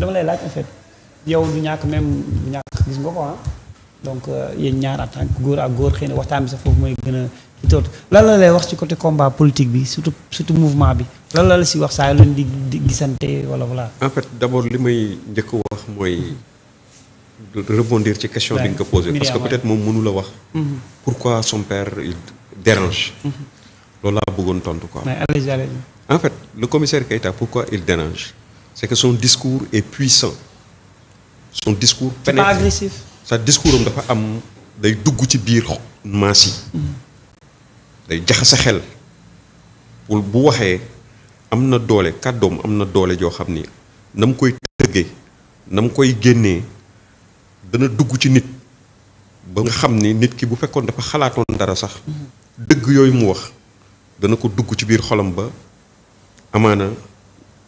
dama lay laaj en fait yow du ñàkk même du ñàkk gis nga ko ah donc euh, yéen ñaar en góor ak góor xëy na waxtaan bi sax foofu mooy gën a lan la lay wax ci côté combat politique bi surtout surtout mouvement bi lan si wax saa yoo leen di gisante wala voilà. en fait d' abord li may njëkk wax mooy rebondir ci question bi nga ko posé. parce que peut être moom mënu wax. Mm-hmm. pourquoi son père il dérange. Mm-hmm. loolu laa bëggoon tontu ko quoi. en fait lu commissaire Keita pourquoi il dérange. c'est que son discours est puissant son discours pénétrant sa discours dafa am day dugg ci biir maas yi mm-hmm. day jaxase xel bu waxee am na doole kàddoom am na doole joo xam ni na koy tëggee na koy génnee dana dugg ci nit ba nga xam ni nit ki bu fekkoon dafa xalaatoon dara sax mm-hmm. dëgg yooyu mu wax dana ko dugg ci biir xolam ba amaana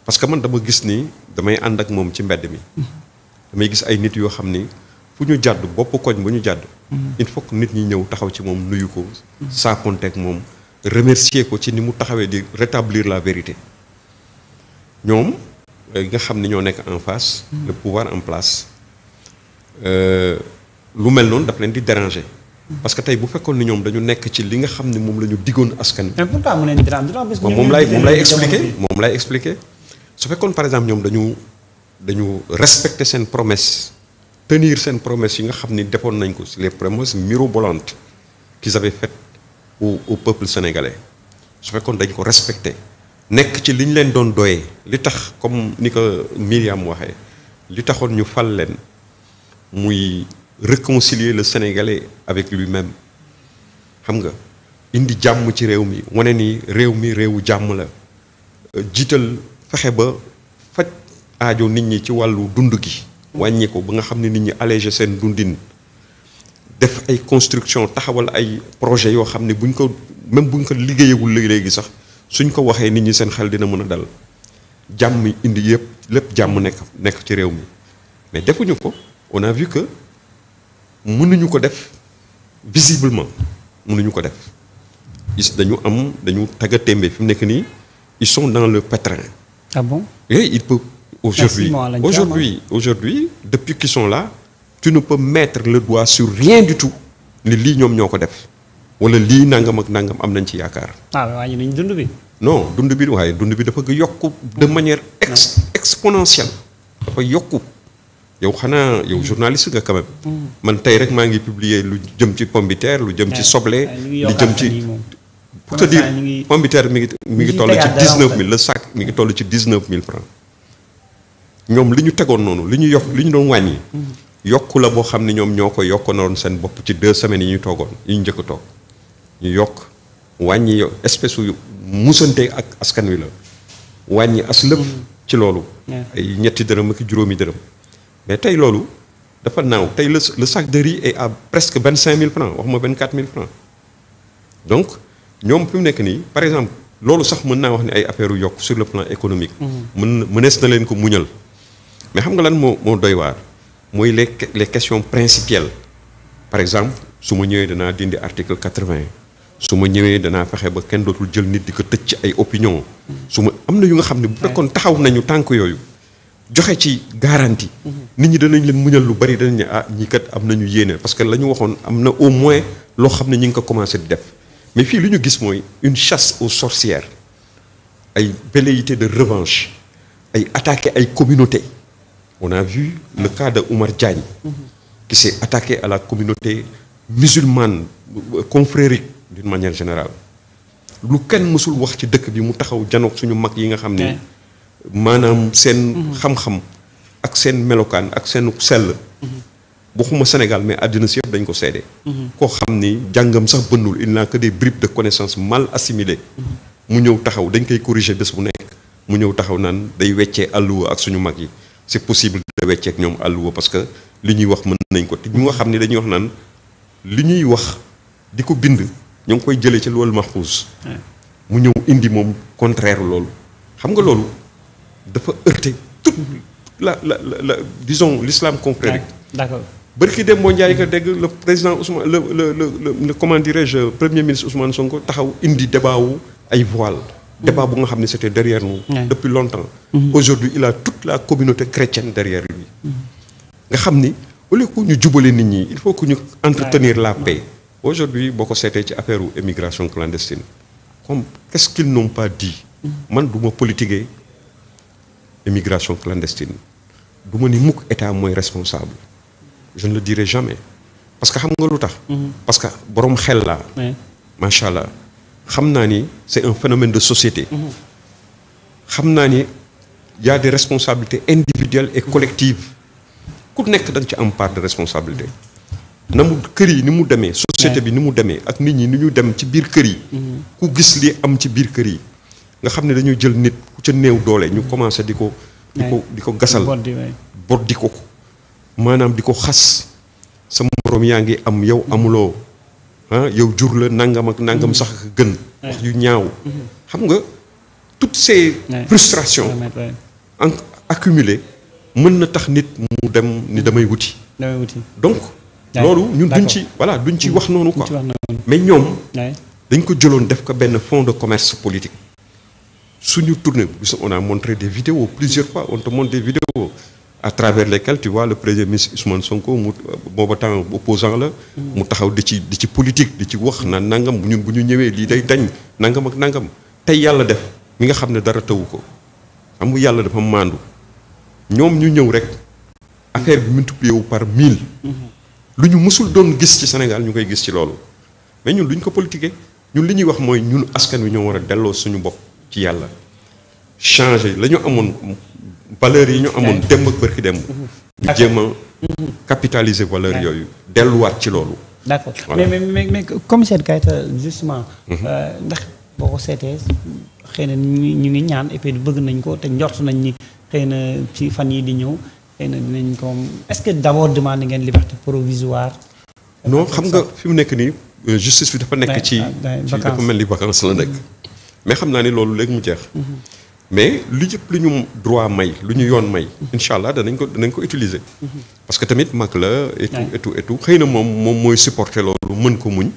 parce que man dama gis nii damay ànd ak moom ci mbedd mi. damay gis ay nit yoo xam ni fu ñu jàdd bopp koñ bu ñu jàdd. Mm-hmm. il faut que nit ñi ñëw taxaw ci moom nuyu ko. Mm-hmm. saafonte ak moom remercier ko ci ni mu taxawee di rétablir la vérité ñoom euh, nga xam ni ñoo nekk en face. Mm-hmm. en place euh, lu mel noonu daf leen di déranger. parce que tey bu fekkoon ni ñoom dañu nekk ci li nga xam ne moom la ñu diggoon askan wi. mais pourtant mu leen di déranger moom lay expliquer moom lay expliquer. su fekkoon par exemple ñoom dañu dañu respecter seen promesse tenir seen promesse yi nga xam ni defoon nañ ko si les promesses mirobolantes qu'ils avaient faites au au peuple sénégalais su fekkoon dañ ko respecter nekk ci liñ leen doon doyee li tax comme ni ko Myriam waxee li taxoon ñu fal leen muy réconcilier le sénégalais avec lui-même xam nga indi jàmm ci réew mi wane nii réew mi réewu jàmm la euh, jiital. fexe ba faj aajo nit ñi ci wàllu dund gi. wàññi ko ba nga xam ne nit ñi alléger seen dundin def ay construction taxawal ay projet yoo xam ne buñ ko même buñ ko liggéeyewul léegi sax suñ ko waxee nit ñi seen xel dina mën a dal jàmm indi yëpp lépp jàmm nekk nekk ci réew mi mais defuñu ko on a vu que mënuñu ko def visiblement mënuñu ko def gis dañu am dañu taggatémbe fi mu nekk nii ils sont dans le pétrin Ah bon Et eh, il peut aujourd'hui, aujourd'hui, aujourd'hui, depuis qu'ils sont là, tu ne peux mettre le doigt sur rien du tout. ni lii ñoom ñoo ko def wala lii nangam ak nangam am nañ ci yaakaar. ah waaye nañ dund bi. non dund bi waaye dund bi dafa yokku de manière ex exponentielle. dafa yokku yow xanaa yow mm. journaliste nga quand même. Mm. man tey rek maa ngi publier lu jëm ci pomme de terre lu jëm ci eh, soble. Eh, lu jëm ci. pour te dire pomme de terre mi ngi mi ngi toll ci dix neuf mille le sac mi ngi toll ci dix neuf mille francs ñoom li ñu tegoon noonu li ñu yokk li ñu doon wàññi. Mm-hmm. yokku la boo xam ne ñoom ñoo ko yokk naroon seen bopp ci deux semaines yi ñu toogoon yi ñu jëkk a toog ñu yokk wàññi espèce yu musante ak askan wi la wàññi as lépp mm-hmm. ci loolu. ay ñetti dërëm ak juróomi dërëm mais tey loolu dafa naaw tey le le sac de riz est à presque vingt cinq mille francs wax ma vingt quatre mille francs donc. ñoom fi mu nekk nii par exemple loolu sax mën naa wax ni ay affaire yokk sur le plan économique. Mm-hmm. mën na mënees na leen ko muñal. mais xam nga lan moo moo doy waar mooy les les questions principielles par exemple su ma ñëwee danaa dindi article quatre-vingt su ma ñëwee dana fexe ba kenn dootul jël nit di ko tëj ci ay opinion su ma am na yu nga xam ne bu fekkoon taxaw nañu tànk yooyu joxe ci garantie. Mm-hmm. nit ñi danañ leen muñal lu bari danañ ah ñii am nañu yéene parce que la ñu waxoon am na au moins loo xam ne ñi ngi ko commencé di def. mais fii lu ñu gis mooy une chasse aux sorcières ay velléité de revanche ay attaqué ay communauté on a vu le cas de Oumar Diagne qui s'est attaqué à la communauté musulmane confrérique d'une manière générale lu kenn mësul wax ci dëkk bi mu taxaw janoog suñu mag yi nga xam ne maanaam seen mhm. xam-xam ak seen melokaan ak seen sell mhm. waxuma Sénégal mais àddina si yëpp dañ ko seede mhm. koo xam ni jàngam sax bënnul il n'a que des bribes de connaissances mal assimilées mhm. mu ñëw taxaw dañ koy corriger bés bu nekk mu ñëw taxaw naan day weccee àlluwa ak suñu mag yi c'est possible de weccee ak ñoom àlluwa parce que li ñuy wax mën nañ ko te ñu nga xam ni dañuy wax naan li ñuy wax di ko bind ñoo ngi koy jëlee ci loolu maxuus mu ñëw indi moom contraire loolu xam nga loolu dafa heurter toute la la la disons l'islam bërki dem boo njaay ko dégg le président Ousmane le le le le comment dirais-je premier ministre Ousmane Sonko taxaw indi débat wu ay voile débat bu nga xam ne c'était derrière nous depuis longtemps mhm. aujourd'hui il a tout la communauté chrétienne derrière bi nga xam ni au lieu ñu jubale nit ñi il faut que ñu entretenir la paix aujourd'hui boo ko seetee ci affaire u émigration clandestine comme qu'est-ce qu'ils n'ont pas dit man du ma politiquer émigration clandestine du ma mukk état mooy responsable je le dirai jamais parce que xam nga lu tax. Mhm. parce que borom xel laa. macha allah xam naa ni c' est un phénomène de société. Mhm. xam naa ni y a des responsabilités individuelles et collectives ku nekk dañ nga ci am part de responsabilité. na mu kër yi ni mu demee. société bi ni mu demee ak nit ñi ni ñu dem ci biir kër yi. Mhm. ku gis lii am ci biir kër yi. nga xam ne dañuy jël nit ku ca néew doole ñu commencé di ko. di ko di ko gasal. boddi ko ko. maanaam di ko xas sama moroom yaa ngi am yow amuloo ah yow jur la nangam ak nangam mm-hmm. sax gën. wax yu ñaaw. Mm-hmm. xam nga toutes ces frustrations en accumulées mën na tax nit mu dem ni damay wuti. damay wuti donc. loolu ñu duñ ci voilà duñ ci wax mm-hmm. noonu quoi. mais ñoom. dañ ko jëloon def ko benn fonds de commerce politique. suñu tournée on a montré des vidéos plusieurs fois on te montre des vidéos. à travers lesquels tu vois le premier ministre Ousmane Sonko mu booba temps opposant la mu taxaw di ci di ci politique di ci wax na nangam ñun bu ñu ñëwee lii day dañ nangam ak nangam tey yàlla def mi nga xam ne dara tawu ko xam nga yàlla dafa maandu ñoom ñu ñëw rek affaire bi multiplié wu par mille lu ñu mësul doon gis ci Sénégal ñu koy gis ci loolu mais ñun lu duñ ko politiqué ñun li ñuy wax mooy ñun askan wi ñoo war a delloo suñu bopp ci yàlla changé la amoon valeurs yi ñu amoon démb ak bërki dem ñu jéem capitaliser valeurs yooyu delluwaat ci loolu d'accord mais mais mais commissaire Keita justement mhm. euh, ndax boo ko seetee xëy na ñu ngi ñaan et puis bëgg nañ ko te njort nañ ni xëy na ci fan yi di ñëw xëy na dinañ ko est-ce que d'abord demand ngeen liberté provisoire non xam nga fi mu nekk nii euh, justice bi dafa nekk ci dafa mel ni vacance la nekk mhm. mais xam naa ni loolu léegi mu jeex mhm. mais lu jëpp lu ñu droit may lu ñu yoon may. incha allah danañ ko danañ ko utiliser. parce que tamit mag la. et tout et xëy na moom moom mooy supporter loolu mën ko muñ.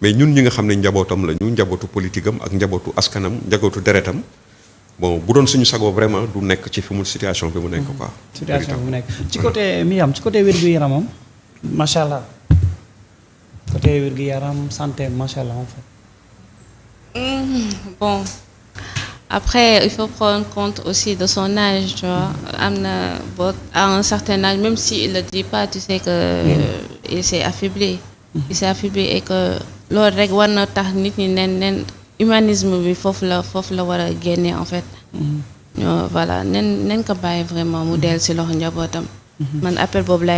mais ñun ñi nga xam ne njabootam la ñu njabootu politique am ak njabootu askanam njabootu deretam bon bu doon suñu sagoo vraiment du nekk ci fi mu situation bi mu nekk mhm. quoi. situation bi mu nekk ci côté Myriam ci côté wér-gu-yaramam macha allah côté wér-gu-yaram santé macha allah en fait. Mm, bon. après il faut prendre compte aussi de son âge am na boo à un certain âge même si il le dit pas tu sais que euh, il s'est affaibli il s'est affaibli et que loolu rek war na tax nit ñi nen nen humanisme bi foofu la foofu la war a génne en fait mm-hmm. voilà nen nen ko bàyyi vraiment mu mm-hmm. dellu si loxo njabootam mm-hmm. man appel boobu laay